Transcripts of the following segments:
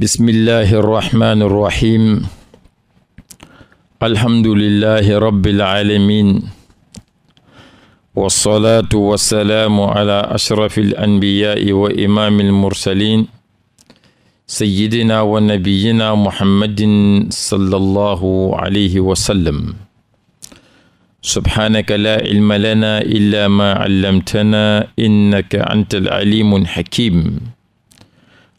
bismillahi arrahmani irrahim alhamdulillahi rabbil alamin wasalaatu wasalaamu ala ashrafi alanbiyaai wa imaami almursalin sayidina wa nabiyina muhammadin sallallahu alayhi wa sallam subhaanaka laa ilma lana illa ma allamtana innaka anta alalimu alxakim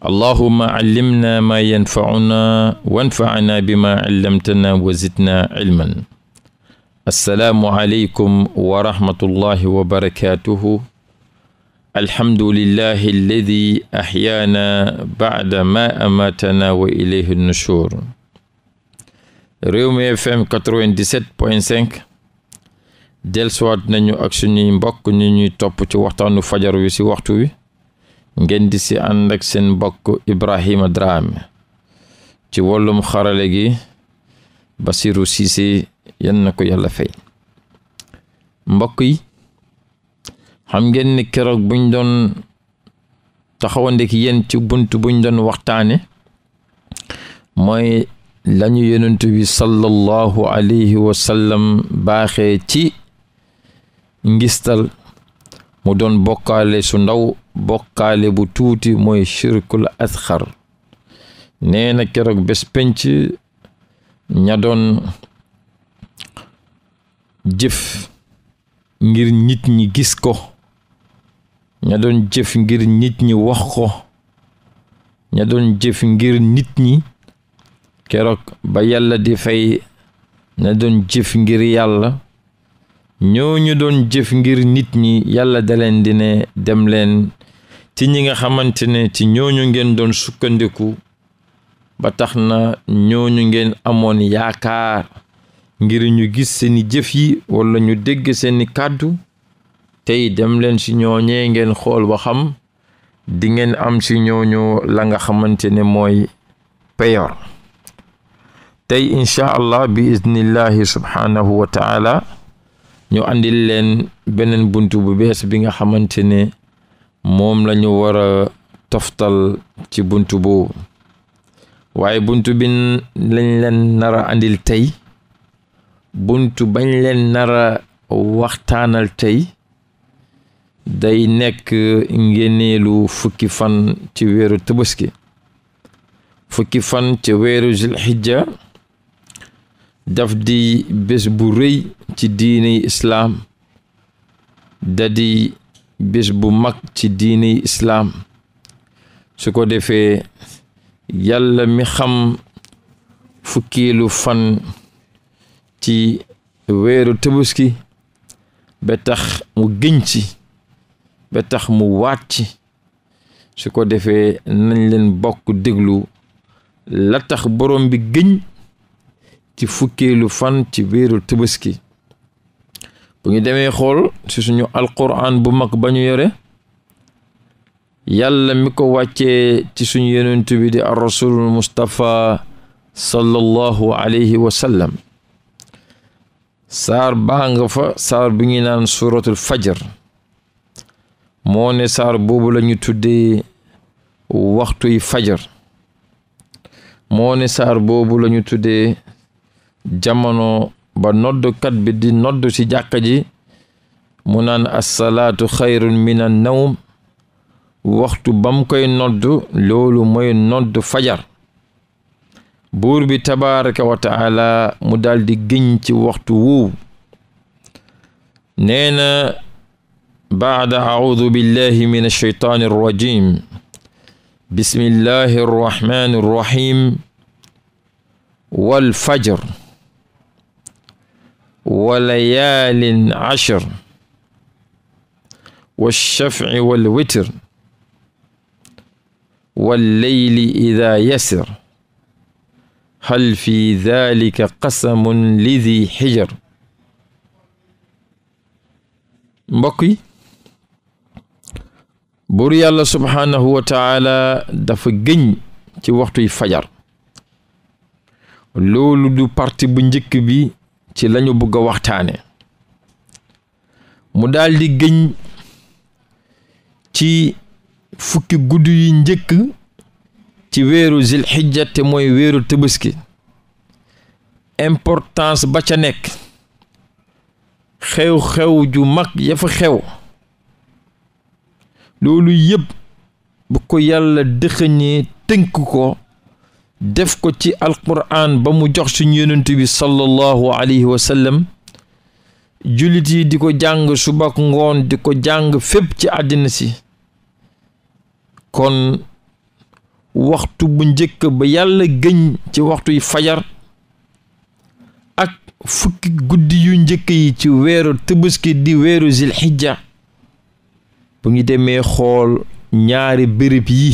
allahuma callimna maa yanfacunaa wanfacanaa bimaa callamtanaa wa zidnaa cilman assalaamu aleykum wa rahmatullahi wa barakaatuhu alhamdulillahi alladi axyaana bacda maa amaatanaa wa ilayhi nushur Rewmi FM 97 point 5 dellusiwaat nañu ak suñuy mbokk ñu ñuy topp ci waxtaanu fajar wi ci waxtu wi ngeen di si ànd seen mbokk Ibrahima Drame ci wàllum xarale gi Basiru Siise yan na ko yàlla fay mbokk yi xam ngeen ni keroog buñ doon taxawandeki yéen ci bunt buñ doon waxtaane mooy lañu yonent bi sallallahu alayhi wa baaxee ci ngistal mu doon bokkaale su ndaw bokkaale bu tuuti mooy shirkul asxar nee na keroog bés penc ña doon jëf ngir nit ñi gis ko ña doon jëf ngir nit ñi wax ko ña doon jëf ngir nit ñi keroog ba yàlla di fay ña doon jëf ngir yàlla ñoo ñu doon jëf ngir nit ñi yàlla da leen di ne dem leen ci ñi nga xamante ne ci ñooñu ngeen doon sukkandiku ba tax na ñooñu ngeen amoon yaakaar ngir ñu gis seeni jëf yi walla ñu dégg seeni kàddu tey dem leen ci ñooñee ngeen xool ba xam di ngeen am ci ñooñu la nga xamante ne mooy peyor tey incha allah bi iznillahi subhaanahu wa ñu andil leen beneen buntu bu bees bi nga xamante ne moom lañu war a toftal ci buntu boobu waaye buntu bi lañ leen nara andil tey buntu bañ leen nara waxtaanal tey day nekk ngeneelu fukki fan ci weeru tabaski fukki fan ci weeru zulhijja daf di bés bu rëy ci diini islaam da bis bu mag ci diini islaam su ko defee yàlla mi xam fukkilu fan ci weeru tëbuski ba tax mu gëñ ci ba tax mu waat ci su ko defee nañ leen bokk déglu la tax boroom bi gëñ ci fukkiilu fan ci weeru tëbuski bu ñu demee xool ci suñu alquran bu mag ba ñu yore yàlla mi ko wàccee ci suñu yonent bi di ar rasulul mustapha sallallahu saar baa fa saar bi ñu naan suratul fajar moo ne saar boobu la ñu tuddee waxtuy fajar moo ne saar boobu lañu ñu tuddee jamono ba noddkat bi di noddu ci jàkka ji mu naan assalaatu xayrun min an waxtu bam koy nodd loolu mooy nodd fajar buur bi tabaraka wa mu daldi giñ ci waxtu woowu nee na baada audu billahi min alsheytaani arrajim bismillahi arrahmani arrahim wal wa layaalin ashr walshafci walwitr walleyli ida yasr hal fi dalika qasamun lidi xijr mbokk yi buur yàlla subhaanahu wa taala dafa gëñ ci waxtuy fajar loolu parti bu njëkk bi ci lañu bëgg a waxtaane mu daldi gëñ ci fukki guddi yu njëkk ci weeru zilxijja te mooy weeru tëbaski importance ba ca nekk xew-xew ju mag yafa xew loolu yëpp bu ko yàlla dëxëñee tënk ko def ko ci alquran ba mu jox ci yonent bi sallallahu alayhi wa jullit yi di ko jàng subak ngoon di ko jàng fépp ci àddina si kon waxtu bu njëkk ba yàlla gëñ ci waxtuy fajar ak fukki guddi yu njëkk yi ci weeru tëbaski di weeru zilxijja bu ngi demee xool ñaari bërëb yi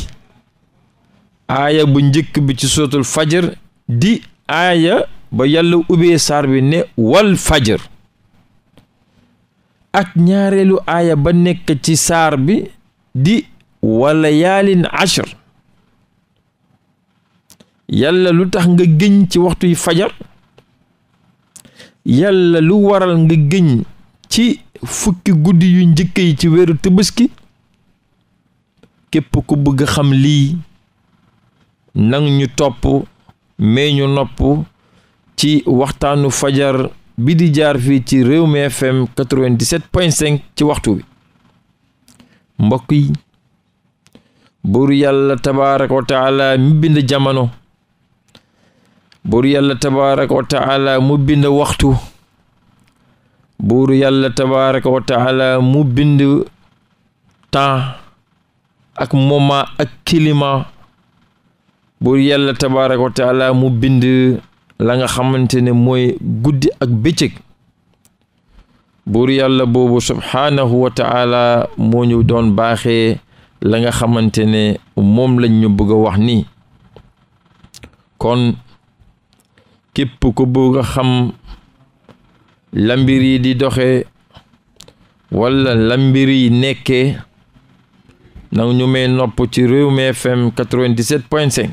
aaya bu njëkk bi ci sootul fajar di aaya ba yàlla ubbee saar bi ne wal fajar ak ñaareelu aaya ba nekk ci saar bi di wala yaalin ashr yàlla lu tax nga gëñ ci waxtuy fajar yàlla lu waral nga gëñ ci fukki guddi yu njëkk yi ci weeru tëbaski képp ku bëgg xam lii nang ñu topp may ñu nopp ci waxtaanu fajar bi di jaar fii ci réew Rewmi FM 97.5 ci waxtu bi mbokk yi buur yàlla tabaaraka wa taala mu jamono buur yàlla tabaaraka wa taala mu bind waxtu buur yàlla tabaaraka wa ak moment ak climat buur yàlla tabaaraka wa mu bind la nga xamante ne mooy guddi ak bëccëg buur yàlla boobu subhaanahu moo ñu doon baaxee la nga xamante ne moom lañ ñu bëgg a wax ni kon képp ko bëgg a xam lambir yi di doxe wala lambir yi nekkee nag ñu may nopp ci réew FM 97.5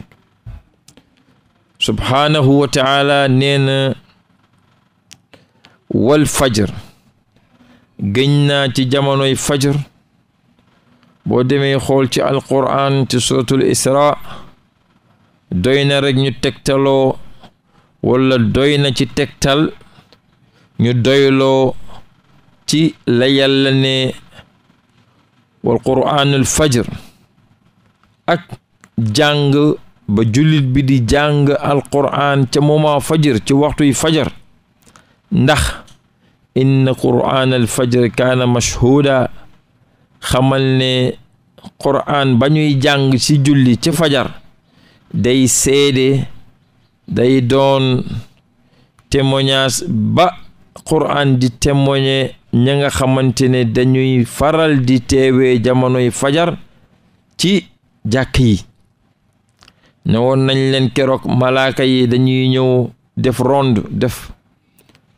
subhaanahu wa taala nee na wal fajar gëñ naa ci jamonoy fajar boo demee xool ci alquran ci suratul isra doy na rek ñu tegtaloo wala doy na ci tegtal ñu doyloo ci la yàlla ne wal quraanul fajr ak jàng ba jullit bi di jàng alqur'aan ca moment fajar ci waxtuy fajar ndax inna qur'aan alfajr kaana mashhuuda xamal ne qur'aan ba ñuy jàng ci julli ci fajar day seede day doon témoignage ba qur'aan di témoigner ña nga xamante ne dañuy faral di teewee jamonoy fajar ci jàkk yi ne nañ leen keroog malaaka yi dañuy ñëw def ronde def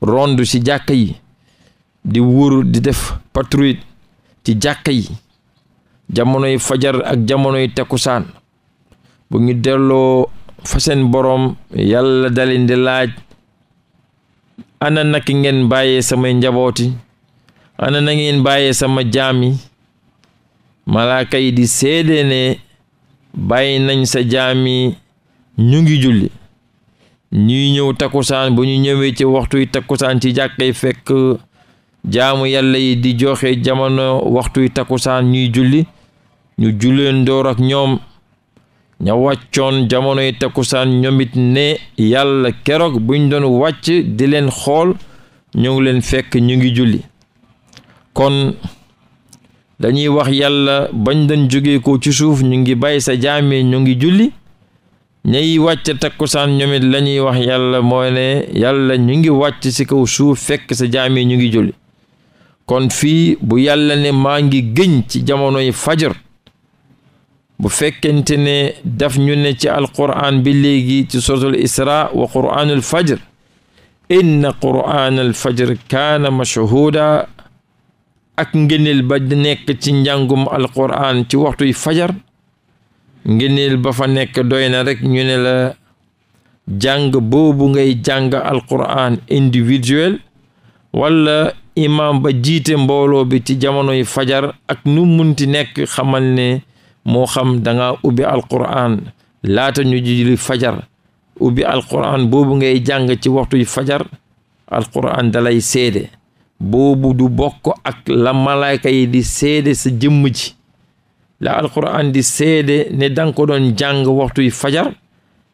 ronde ci jàkka yi di wur di def patrouille ci jàkka yi jamonoy fajar ak jamonoy takkusaan bu ñu delloo fa seen boroom yàlla dalin laaj ana naki ngeen bàyyee samay njabooti ana na ngeen bàyyee sama jaam yi di seede ne bàyyi nañ sa jaami ñu ngi julli ñuy ñëw takkusaan bu ñu ñëwee ci waxtu yi takkusaan ci jàkkay fekk jaamu yàlla yi di joxe jamono waxtu yi takkusaan ñuy julli ñu julleen door ñoom ña wàccoon jamono yi takkusaan ñoom it ne yàlla keroog buñ doon wàcc di leen xool ñu ngi leen fekk ñu ngi julli kon dañuy wax yàlla bañ dañ jóge ko ci suuf ñu ngi bàyyi sa jaamee ñu ngi julli ñay wàcc takkusaan ñoom it la ñuy wax yàlla mooy ne yàlla ñu ngi wàcc ci kaw suuf fekk sa jaamee ñu ngi julli kon fii bu yàlla ne maa ngi gëñ ci jamonoy fajar bu fekkente ne daf ñu ne ci alquran bi léegi ci suratul isra wa quraanul fajr inna quraanal fajr kaana mashhuuda ak ngëneel ba nekk ci njàngum alquran ci waxtuy fajar ngëneel ba fa nekk doy na rekk ñu ne la jàng boobu ngay jàng alquran individuel wala imaam ba jiite mbooloo bi ci jamonoy fajar ak nu munti nekk xamal ne moo xam danga ubbi alquran laata ñu julli fajar ubbi alquran boobu ngay jàng ci waxtuy fajar alquran dalay seede boobu du bokk ak la malaayka yi di seede sa jëmm ji la alquran di seede ne danga ko doon jàng waxtuy fajar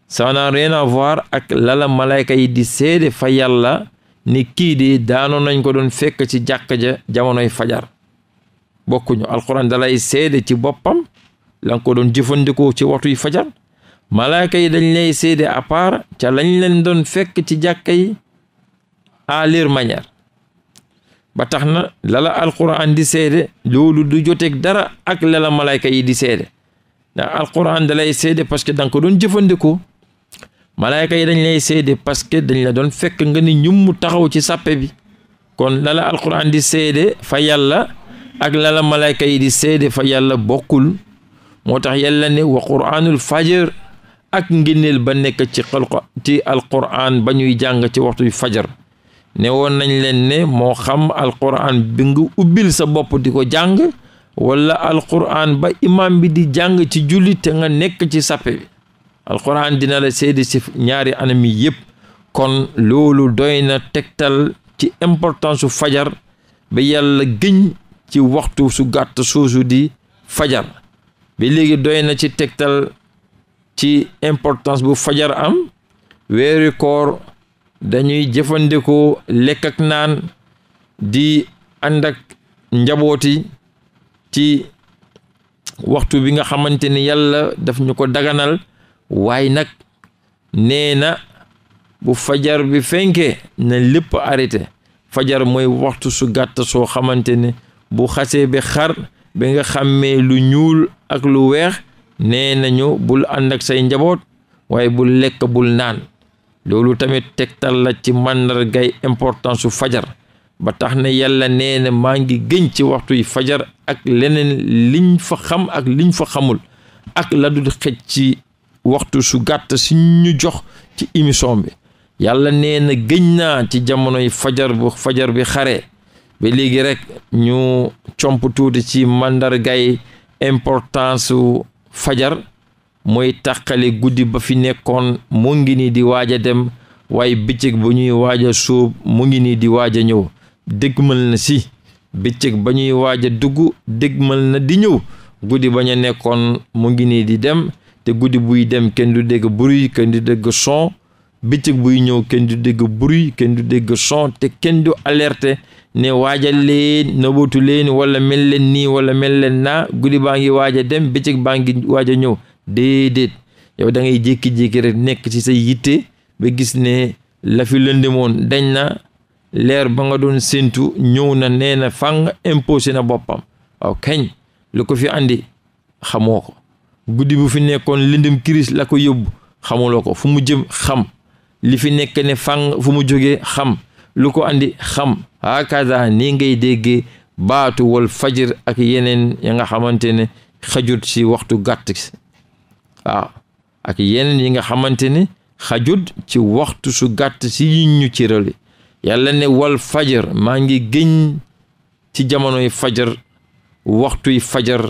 ça n'a rien ak la la yi di seede fa yàlla ni kii di daanoon nañ ko doon fekk ci jàkk ja jamonoy fajar bokkuñu alquran dalay seede ci boppam la doon jëfandikoo ci waxtuy fajar malaayka yi dañ lay seede à ca lañ leen doon fekk ci jàkka yi à leur ba tax na lala alquran di seede loolu du joteeg dara ak lala malayka yi di seede ndax alquran da seede parce que da nga ko doon jëfandikoo malayka yi dañ lay seede parce que dañ la doon fekk nga ni ñum mu taxaw ci sappe bi kon lala alquran di seede fa yàlla ak lala malayka yi di seede fa yàlla bokkul moo tax yàlla ne wa quraanul fajar ak ngénneel ba nekk ci xalqa ci alquran ba ñuy jàng ci waxtu fajar ne woon nañ leen ne moo xam alquran bi nga ubbil sa bopp di ko jàng walla alquran ba imam bi di jàng ci julli te nga nekk ci sappe bi alquran dina la seede si ñaari anam yi yëpp kon loolu doy na tegtal ci importance su fajar ba yàlla gëñ ci waxtu su gàtt soosu di fajar ba léegi doy na ci tegtal ci importance bu fajar am weeri koor dañuy jëfandikoo lekk ak naan di ànd ak njabooti ci waxtu bi nga xamante ni yàlla daf ñu ko daganal waaye nag nee na bu fajar bi fenkee na lépp arrêté fajar mooy waxtu su gàtt soo xamante ne bu xasee bi xar bi nga xàmmee lu ñuul ak lu weex nee nañu bul ànd say njaboot waaye bul lekk bul naan loolu tamit tegtal la ci màndargay importance su fajar ba tax ne yàlla nee maa ngi gëñ ci waxtu yi fajar ak leneen liñ fa xam ak liñ fa xamul ak la dul xëj ci waxtu su gàtt si ñu jox ci émission bi yàlla nee na gëñ naa ci jamonoy fajar bu fajar bi xare bi léegi rek ñu comp tuuti ci màndargay importance su fajar mooy tàqale guddi ba fi nekkoon mu ngi nii di waaj a dem waaye bëccëg ba ñuy waaj a suub mu ngi nii di waaj a ñëw dëgmal na si bëccëg ba ñuy waaj a dugg dëgmal na di ñëw guddi bañ a nekkoon mu ngi nii di dem te guddi buy dem kenn du dégg bruit kenn du dégg son bëccëg buy ñëw kenn du dégg bruit kenn du dégg son te kenn du alerte ne waajal leen nabootu leen wala mel leen nii wala mel leen naa guddi baa ngi waaj a dem bëccëg baa ngi waaj a ñëw déedéet yow da jékki-jékki rekk nekk ci say yitte ba gis ne la fi lëndëmoon dañ na leer ba nga doon séntu ñëw na nee na fang imposé na boppam waaw kañ lu ko fi andi xamoo ko guddi bu fi nekkoon lëndëm kiris la ko yóbbu xamuloo ko mu jëm li fi nekk ne fang fu mu jógee xam lu ko andi xam hakada ni ngay déggee baatu wal fajir ak yeneen ya nga xamante ne xajut si waxtu gàtt waaw ak yeneen yi nga xamante ni xajut ci waxtu su gàtt si yi ñu ci rëli yàlla ne wal fajar maa ngi géñ ci jamonoy fajar waxtuy fajar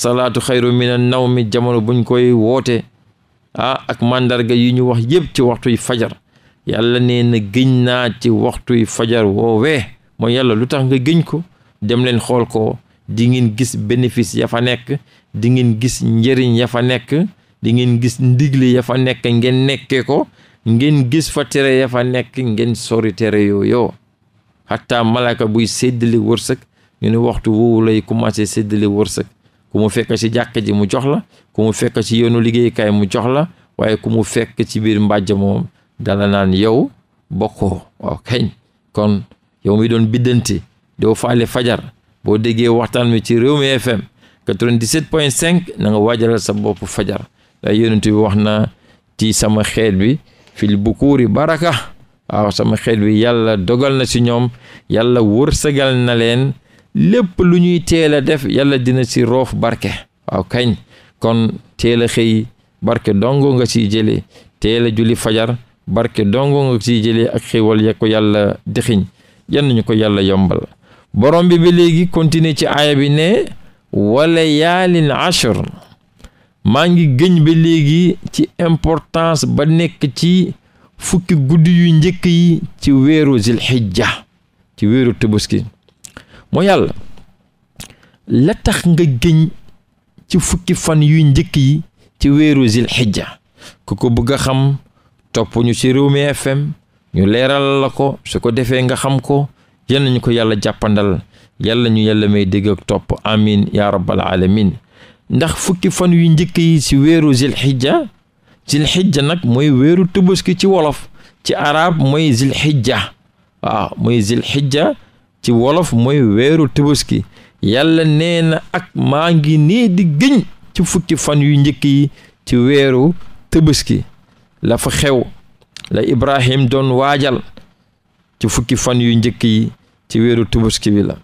salaatu xayru mina naw mi jamono buñ koy woote ah ak màndarga yi ñu wax yépp ci waxtuy fajar yàlla ne na géñ naa ci waxtuy fajar woowee mooy yàlla lu tax nga géñ ko dem leen xool ko di ngeen gis bénéfice ya fa nekk di gis njëriñ yaa fa nekk di ngeen gis ndigle ya fa nekk ngeen nekke ko ngeen gis fa tere ya fa nekk ngeen sori tere yooyu xataa malaka buy séddale wërsëg ñu ne waxtu woowu lay commencé séddale wërsëg ku mu fekk ci jàkka ji mu jox la ku mu fekk ci yoonu liggéeykaay mu jox la waaye ku mu fekk ci biir mbàjj moom dala naan yow bokkoo waaw kañ kon yow mi doon biddante doo faale fajar boo déggee waxtaan mi ci Rewmi FM 97.5 na nga waajalal sa bopp fajar da yonent wax na ci sama xeet bi fil bukuuri baraka waaw sama xeet bi yàlla dogal na si ñoom yàlla wërsëgal na leen lépp lu ñuy teel a def yàlla dina si roof barke waaw kañ kon teel a xëy barke dongo nga siy jële teel a julli fajar barke dongo nga siy jëlee ak xéwal ya ko yàlla dexiñ yan nañu ko yàlla yombal borom bi ba léegi continuer ci aaya bi ne wala yaalin ashur maa ngi gëñ bi léegi ci importance ba nekk ci fukki guddi yu njëkk yi ci weeru zilxijja ci weeru la tax nga gëñ fukki fan yu njëkk yi ci weeru zilxijja ku ko bëgg a xam topp ci Rewmi FM ñu leeral la ko su ko defee nga xam ko yal nañu ko yàlla jàppandal yàlla ñu yàlla may dégg topp amiin ya rabbal alamin ndax fukki fan yu njëkk yi ci weeru zilxijja zilxijja nag mooy weeru tëbaski ci wolof ci arab mooy zilxijja waaw mooy zilxijja ci wolof mooy weeru tëbaski yàlla nee na ak maa ngi nii di gëñ ci fukki fan yu njëkk yi ci weeru tëbaski la fa xew la ibrahim doon waajal ci fukki fan yu njëkk yi ci weeru tëbaski bi la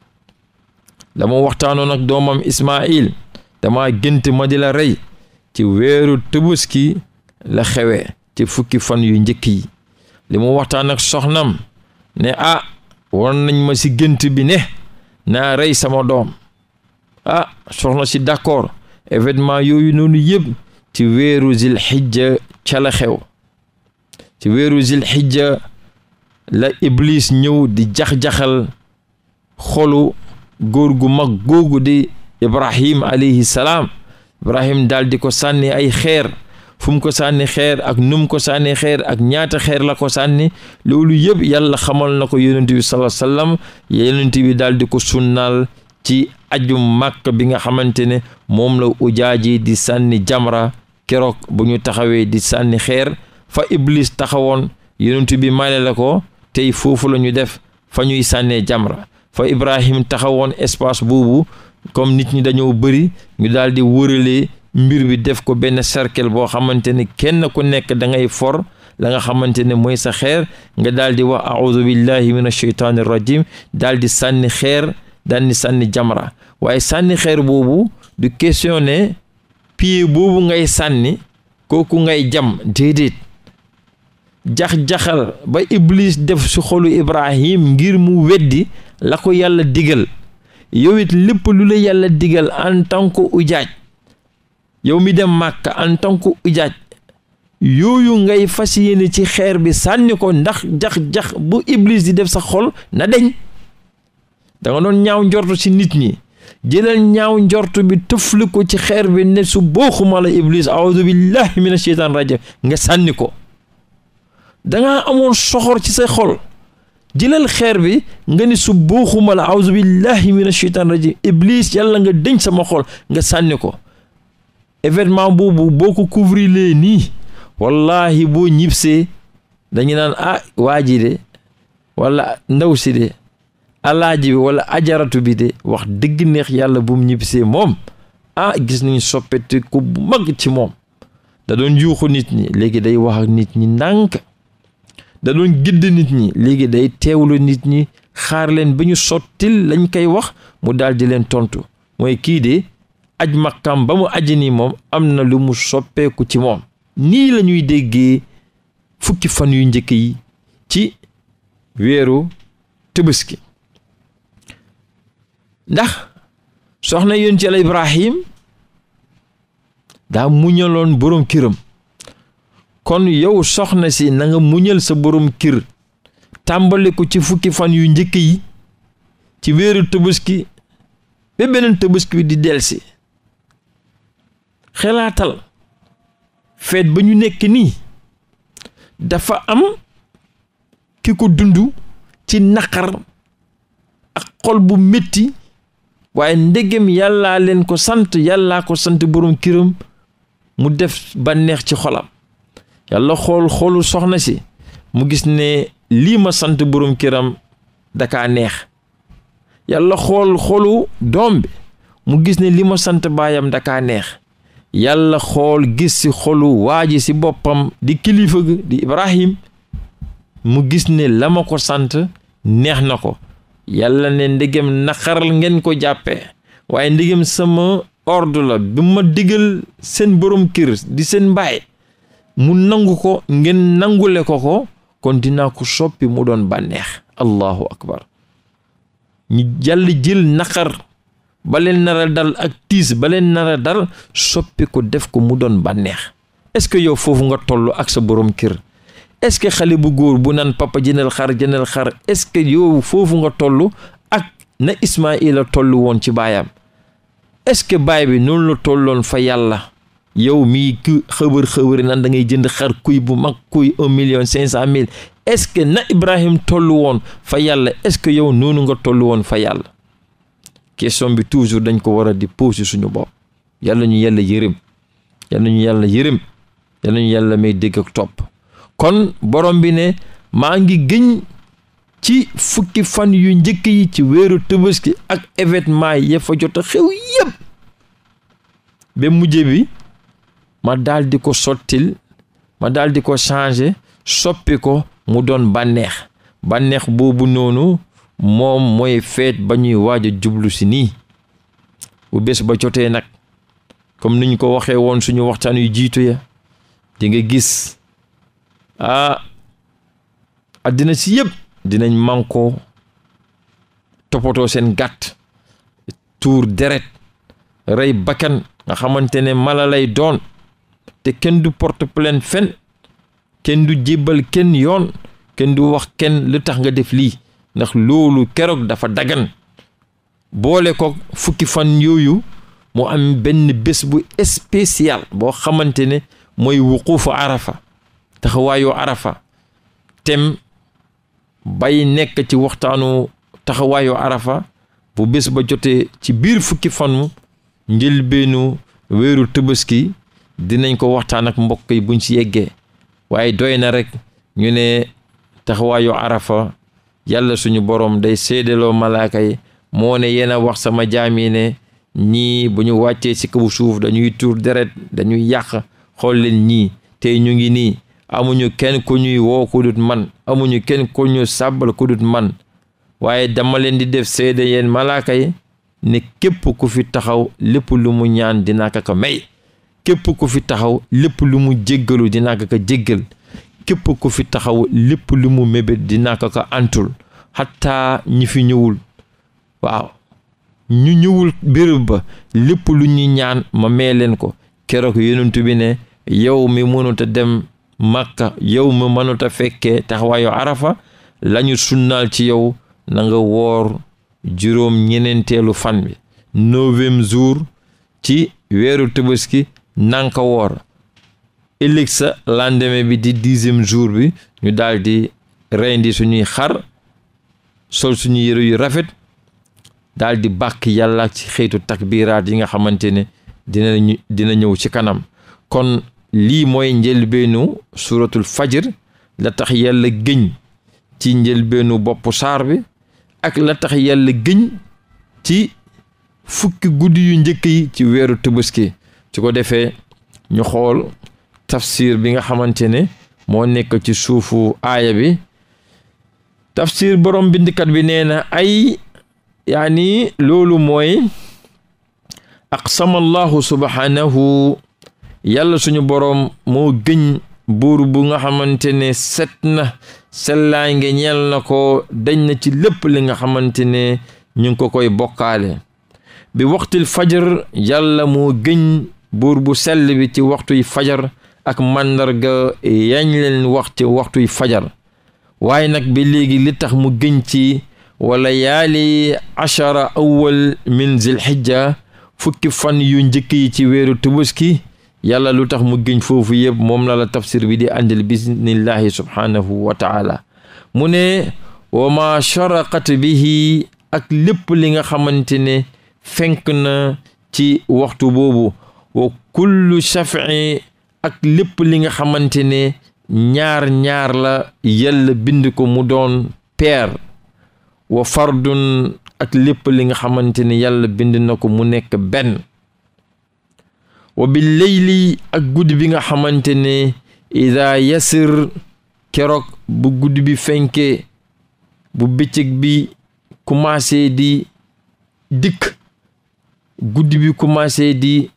dama waxtaanoon ak doomam Ismaayil dama gént ma di la rey ci weeru tëbaski la xewe ci fukki fan yu njëkk yi li mu waxtaan ak soxnam ne ah won ma si gént bi ne naa rey sama doom ah soxna si d'accord événement yooyu noonu yëpp ci weeru zilxijja ca la xew ci weeru zilxijja la iblis ñëw di jax-jaxal xolu góor gu mag googu di ibrahim alayhi salaam ibrahim daal di ko sànni ay xeer fum ko sànni xeer ak num ko sànni xeer ak ñaata xeer la ko sànni loolu yëpp yàlla xamal na ko yonent bi sallallahu alayhi wasallam bi daal di ko sunnaal ci ajum màkk bi nga xamante ne moom la ujaaji di sànni jamra keroog bu ñu taxawee di sànni xeer fa iblis taxawoon yonent bi male la ko tey foofu la ñu def fa ñuy sànnee jamra fa Ibrahim taxawoon espace boobu comme nit ñi dañoo bëri ñu daal di wëralee mbir bi def ko benn cercle boo xamante ne kenn ku nekk da ngay for la nga xamante ne mooy sa xeer nga daal di wax audu billahi min asheytaani rajim daal di sànni xeer daal di sànni jamra waaye sànni xeer boobu du question ne boobu ngay sànni kooku ngay jam déedéet jax-jaxal ba iblis def su xolu Ibrahim ngir mu weddi la ko yàlla digal yow it lépp lu la yàlla digal en tant que ujaaj yow mi dem màkk en tant que ujaaj yooyu ngay fas yéene ci xeer bi sànni ko ndax jax-jax bu iblis di def sa xol na deñ da nga doon ñaaw njortu si nit ñi jëlal ñaaw njort bi tëfli ko ci xeer bi ne su booxuma la iblis aoudu billahi min asheytan rajim nga sànni ko danga amoon soxor ci sa xol jëlal xeer bi nga ni su booxuma la auzu billahi min ashaitan rajim iblis yàlla nga dëñ sama xol nga sànni ko événement boobu boo ko couvrir lee nii wallahi boo ñibbisee dañu naan ah waa ji de wala ndaw si de alaaji bi wala ajaratu bi de wax dëgg neex yàlla bu ñibbisee moom ah gis nañu soppete ku mag ci moom da doon yuuxu nit ñi léegi day wax ak nit ñi ndànk da doon gidd nit ñi léegi day teewlu nit ñi xaar leen ba ñu sottil lañ koy wax mu daldi leen tontu mooy kii de aj makkam ba mu aji nii moom am na lu mu soppeeku ci moom nii lañuy déggee fukki fan yu njëkk yi ci weeru tëbaski ndax soxna yoon ci al ibrahim daa muñaloon boroom këram kon yow soxna si nanga nga muñal sa borom kër tàmbali ko ci fukki fan yu njëkk yi ci wéeru tëbaski ba beneen tëbaski bi di si xelaatal feet ba ñu nekk nii dafa am ki ko dund ci naqar ak xol bu metti waaye ndegem yàllaa leen ko sant yàllaa ko sant borom këram mu def bànneex ci xolam yàlla xool xoolu soxna si mu gis ne lii ma sant borom këram dakaa neex yàlla xool xolu doom bi mu gis ne li ma sant baayam dakaa neex yàlla xool gis si xolu waa ji si boppam di kilifa gi di Ibrahim mu gis ne la ma ko sant neex na ko yàlla ne ndegem naqaral ngeen ko jàppe waaye ndegem sama ordre la bi ma digal seen borom kër di seen mbaay mu nangu ko ngeen nangule ko ko kon dinaa ko soppi mu doon bànneex allahu akbar ñu jàll jël naqar ba leen nar a ak tiis ba leen nar a dal soppi ko def ko mu doon bànneex est-ce que yow foofu nga toll ak sa borom kër est-ce que xale bu góor bu naan papa jëndal xar jëndal xar est-ce que yow foofu nga tollu ak na Ismaïla toll woon ci baayam est-ce que baay bi noonu la tolloon fa yàlla yow mii ku xëbër xëbër nan da ngay jënd xar kuy bu mag kuy un million cinq cent mille est-ce que na Ibrahim tollu woon fa yàlla est-ce que yow noonu nga tollu woon fa yàlla question bi toujours dañ ko war a di poser suñu bopp yàlla ñu yàlla yërëm yàlla ñu yàlla yërëm yàlla ñu yàlla may dégg ak topp kon borom bi ne maa ngi gëñ ci fukki fan yu njëkk yi ci weeru Tabaski ak événement ya fa jot a xew yépp ba mujje bi ma daal ko sottil ma daldi ko changer soppi ko mu doon bànneex bànneex boobu noonu moom mooy feet ba ñuy waaj jublu si nii bu bés ba jotee nag comme ni ko waxee woon suñu waxtaan yu jiito ya di nga gis ah àddina si yëpp dinañ mànkoo toppatoo seen gàtt tuur deret rey bakkan nga xamante ne mala lay doon te kenn du porte plainte fen kenn du jébbal kenn yoon kenn du wax kenn lu tax nga def lii ndax loolu keroog dafa dagan boole ko fukki fan yooyu mu am benn bés bu spécial boo xamante ne mooy wuquufu arafa taxawaayu arafa tem bay nekk ci waxtaanu taxawaayu arafa bu bés ba jotee ci biir fukki fanu njëlbeenu weeru tëbaski dinañ ko waxtaan ak mbokk yi buñ ci yeggee waaye doy na rek ñu ne taxawaayu arafa yàlla suñu borom day séedaloo malaaka yi moo ne yéen a wax sama jaam yi ne ñii bu ñu wàccee ci kaw suuf dañuy tuur deret dañuy yàq xool leen ñii tey ñu ngi nii amuñu kenn ku ñuy woo ku dut man amuñu kenn ku ñu sàbbal ku dut man waaye dama leen di def seede yéen malaaka yi ne képp ku fi taxaw lépp lu mu ñaan dinaa ko may képp ku fi taxaw lépp lu mu jéggalu dinaa ko ko jéggal képp ku fi taxaw lépp lu mu mébét dina ko ko antul xataa ñi fi ñëwul waaw ñu ñëwul béréb ba lépp lu ñu ñaan ma mee leen ko keroog yonent bi ne yow mi mënut a dem màkka yow mi mënut a fekkee taxawaayu arafa lañu sunnaal ci yow nanga woor juróom ñeneenteelu fan bi neuvième jour ci weeru tabaski nanga ko woor ëllëg sa lendemain bi di dixième jour bi ñu daal di reyndi suñuy xar sol suñu yëre yu rafet daldi di bàkk yàlla ci xeetu takbiraat yi nga xamante ne dina ñëw ci kanam kon lii mooy njëlbeenu suratul fajr la tax yàlla gëñ ci njëlbeenu bopp saar bi ak la tax yàlla gëñ ci fukki guddiyu njëkk yi ci weeru tabaski su ko defee ñu xool tafsir bi nga xamante ne moo nekk ci suufu aaya bi tafsir borom bindikat bi nee na ay yaani loolu mooy aqsama allahu subhanahu yàlla suñu borom moo gëñ buur bu nga xamante ne set na sellaange ñeel na ko dañ na ci lépp li nga xamante ne ñu ngi ko koy bokkaale bi waxtil fajar yàlla moo gëñ buur bu sell bi ci waxtuy fajar ak màndarga yañ leen wax ci waxtuy fajar waaye nag ba léegi li tax mu gën ci wala yaali achara awal min zilxijja fukki fan yu njëkk yi ci weeru tubuski yàlla lu tax mu gëñ foofu yëpp moom la la tafsir bi di àndil bismillahi subhaanahu wa taala mu ne wa ma charaqat bihi ak lépp li nga xamante ne fenk na ci waxtu boobu wa kullu shafi ak lépp li nga xamante ne ñaar ñaar la yàlla bind ko mu doon peer wa fardun ak lépp li nga xamante ne yàlla bind na ko mu nekk benn wa bi leyli ak guddi bi nga xamante ne ida yasir keroog bu guddi bi fenke bu bëccëg bi commencé di dikk guddi bi di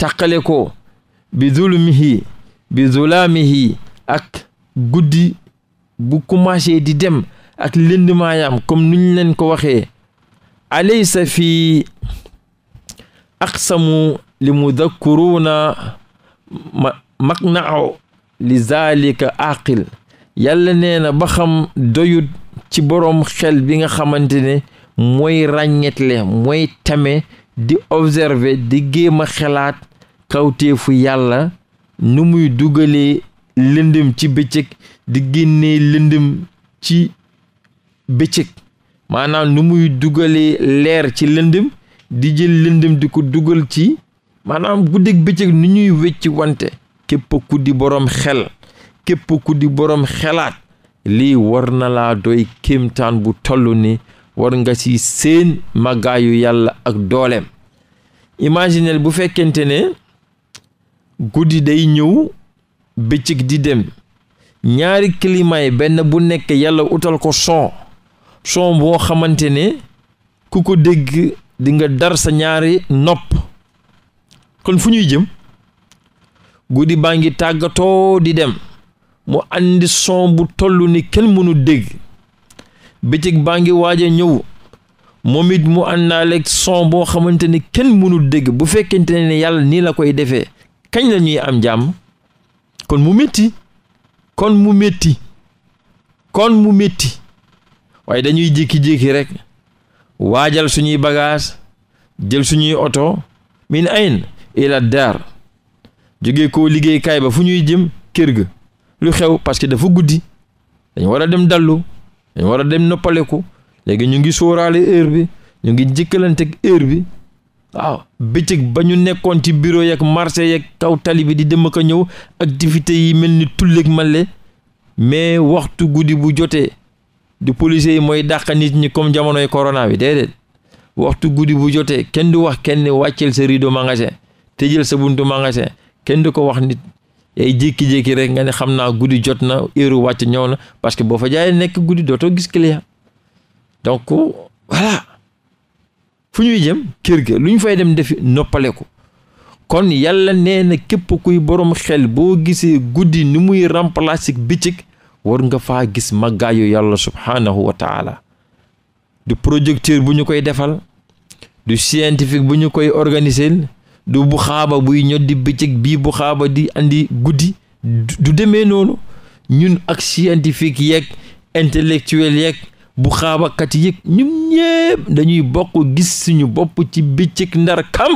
tàqale ko bi zulmihi bi zulaamihi ak guddi bu commencé di dem ak lëndmaayam comme nuñ leen ko waxee alaysa fi aqsamu li mu mudakkuruuna maqnao li zalika aqil yàlla nee na ba xam doyut ci boroom xel bi nga xamante ne mooy ràññetle mooy tame di observer di géem a xelaat fu yàlla nu muy dugalee lëndëm ci bëccëg di génnee lëndëm ci bëccëg maanaam nu muy dugale leer ci lëndëm di jël lëndëm di ko dugal ci maanaam guddeeg bëccëg nu ñuy wecc wante képp ku di boroom xel képp ku di xelaat lii war na laa doy kéemtaan bu toll ni war nga ci seen màggaayu yàlla ak dooleem imaginel bu fekkente guddi day ñëw bëccëg di dem ñaari climat benn bu nekk yàlla utal ko son son boo xamante ne ku ko dégg dinga dar sa ñaari nopp kon fu ñuy jëm guddi baa ngi tàggatoo di dem mu andi son bu toll ni kenn mënu dégg bëccëg baa ngi waaja a ñëw moom it mu àndaaleeg son boo xamante ni kenn mënu dégg bu fekkente ne yàlla nii la koy defee kañ la ñuy am jàmm kon mu métti kon mu métti kon mu métti waaye dañuy jékki-jékki rek waajal suñuy bagage jël suñuy oto min ayn ila daar jóge koo liggéeykaay ba fu ñuy jëm kër ga lu xew parce que dafa guddi dañ war a dem dallu dañ war dem noppaleku léegi ñu ngi sóoraale heure bi ñu ngi jëkkalanteeg heure bi waaw bëccëg ba ñu nekkoon ci bureau yeeg marché yeeg kaw tali bi di dem ko ñëw activités yi mel ni tulleeg male mais waxtu guddi bu jotee di policiers yi mooy dàq nit ñi comme jamonoy corona bi déedéet waxtu guddi bu jotee kenn du wax kenn wàccel sa rideau magasin tëjël sa buntu magasin kenn du ko wax nit ay jékki-jékki rek nga ne xam naa guddi jot na heure wàcc ñëw na parce que boo fa jaayee nekk guddi dootoo gis client donc voilà fu ñuy jëm kër gi lu ñu fay dem defi ko kon yàlla nee na képp kuy borom xel boo gisee guddi ni muy remplacer bëccëg war nga faa gis màggaayu yàlla subhaanahu wa taala du projecteur bu ñu koy defal du scientifique bu ñu koy organiser du bu buy ñoddi bëccëg bi bu xaaba di indi guddi du demee noonu ñun ak scientifique yeeg intellectuel yeeg bu xaabakat yëg ñun ñëpp dañuy bokk gis suñu bopp ci bëccëg ndar kam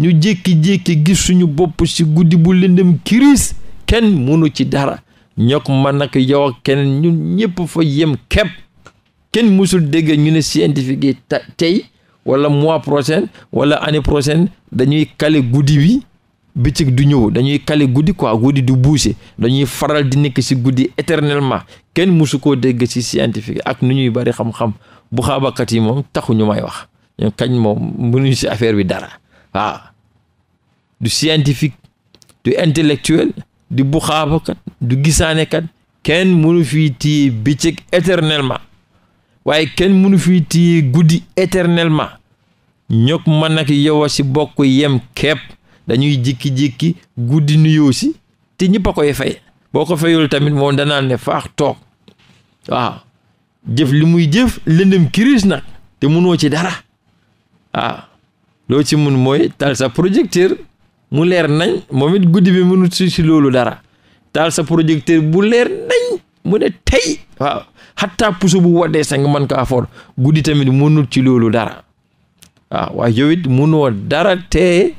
ñu jékki-jékki gis suñu bopp ci guddi bu lëndëm kiris kenn mënu ci dara ñook man nag yow kenn ñun ñëpp fa yem kepp kenn mësul dégg ñu ne scientifique tey wala mois prochain wala année prochaine dañuy kale guddi bi bëccëg du ñëw dañuy kale guddi ko quoi guddi du buuse dañuy faral di nekk si guddi éternellement kenn mësu koo dégg ci scientifique ak nu ñuy bari xam-xam bu kat yi moom taxuñu may wax ñun kañ moom mënuñu affaire bi dara waaw du scientifique du intellectuel du bu xaabakat du gisaanekat kenn mënu fii téye bëccëg éternellement waaye kenn mënu fii téye guddi éternellement ñok man nag yow ci bokk yem kepp dañuy jékki-jékki guddi nuyoo si te ñëpp a koy fay boo ko fayul tamit moom danaan ne faax toog waaw jëf li muy jëf lëndëm kiris nag te mënoo ci dara waaw loo ci mun mooy tal sa projecteur mu leer nañ moom it guddi bi mënut si si loolu dara taal sa projecteur bu leer nañ mu ne tey waaw xattaa bu waddee sa nga mën ko afford guddi tamit mënut ci loolu dara waaw waaye yow it dara tee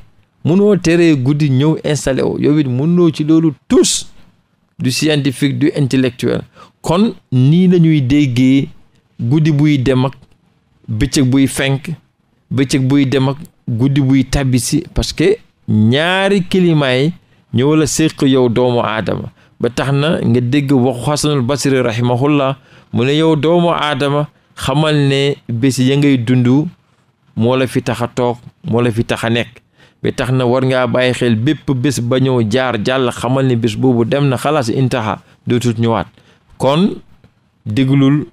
munoo teree guddi ñëw installé wu yow it ci loolu tous du scientifique du intellectuel kon nii lañuy déggee guddi buy dem ak bëccëg buy fenk bëccëg buy dem ak guddi buy tàbbisi parce que ñaari climat yi ñoo la séq yow doomu aadama ba tax na nga dégg waxu xasanul basri rahimahullah mu ne yow doomu aadama xamal ne bés ya ngay dundu moo la fi tax a toog moo la fi tax a nekk bi tax na war ngaa bàyyi xel bépp bés ba ñëw jaar jàll xamal ni bés boobu dem na xalaas intaha dootut ñëwaat kon déglul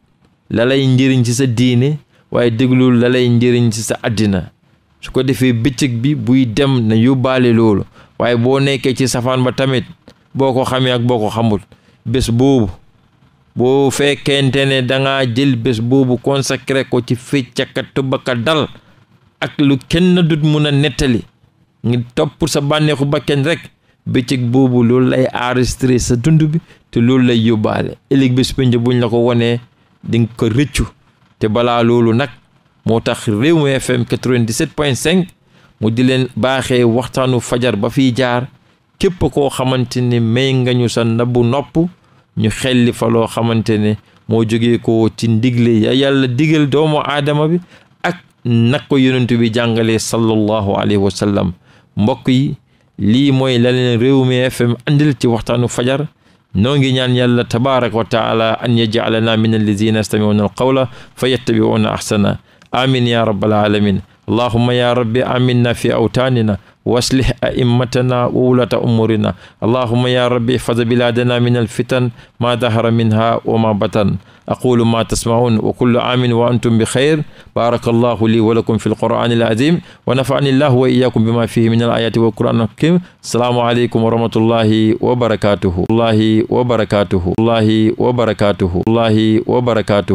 la lay njëriñ ci sa diine waaye déglul lalay lay njëriñ ci sa àddina su ko defee bëccëg bi buy dem na yóbbaale loolu waaye boo nekkee ci safaan ba tamit boo ko xamee ak boo ko xamul bés boobu boo fekkente ne dangaa jël bés boobu consacré ko ci fecc ak tëbb ak dal ak lu kenn dut mun a nettali ngi topp sa bànneexu bakkan rek bëccëg boobu loolu lay enregistré sa dund bi te loolu lay yóbbaale ëllëg bés penj buñ la ko wonee dinga ko rëccu te balaa loolu nag moo tax réew Rewmi FM 97.5 mu di leen baaxee waxtaanu fajar ba fi jaar képp koo xamante ne may nga ñu sa nabu nopp ñu xelli fa loo xamante ne moo jógee ko ci ndigle ya yàlla digal doomu aadama bi ak nag ko yonent bi jàngalee sallallahu alayhi wa sallam mbokk yi lii mooy la leen Rewmi FM andil ci waxtaanu fajar noo ngi ñaan yàlla tabaaraka wa taala an yajalana min allazina yastamiuna alqawla fa yattabiuna ahsana amin ya rabbal alamin allahumma ya rabbi aminna fi awtanina wa aslih a'immatana wa wulata umurina allahumma ya rabbi ihfaz biladana min alfitan ma dahara minha wa ma batan aqulu ma tasmaun wa kullu amin wa antum bi xeyr baraka allahu lii wa lakum fi lqur'ani alazim wa nafaani llahu wa iyaakum bima fihi min al ayati wa qur'an hakim salaamu aleykum wa rahmatullahi wa barakatuhu allahi wa barakatuhu allahi wa barakatuhu allahi wa barakatuhu